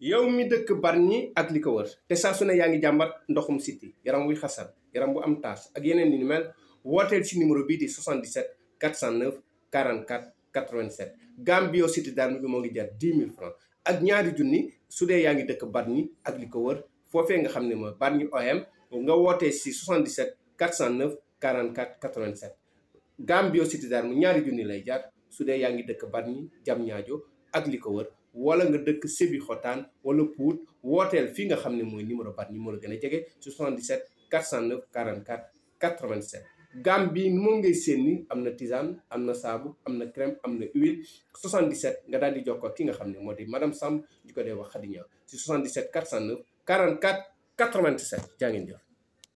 yow mi dëkk Bargny ak li ko wër te saa ne yaa ngi jàmbat ndoxum siti yaram wuy xasan yaram bu am taas ak yeneen ni mel wooteel ci numéro bii di 77 409 44 87 Gambio Cité Darmi bi moo ngi jar 10 000 francs ak ñaari junni su dee yaa ngi dëkk Bargny ak li ko wër foofee nga xam ne mooy Bargny OM nga wootee si 77 409 44 87 Gambio Cité Darmi ñaari junni lay jar su dee yaa ngi dëkk Bargny Diamniadio ak li ko wër wala nga dëkk Sébi Xotaan wala Pout wooteel fii nga xam ne mooy numéro bat numéro gën a jege 77 409 44 87. gam bi moom ngay seen ni am na tisane am na saabu am na crème am na huile 77 nga daal di jokkoo ki nga xam ne moo di madame Samb ñu ko dee wax Khady Niang si 77 409 44 87 jaa ngeen jëf.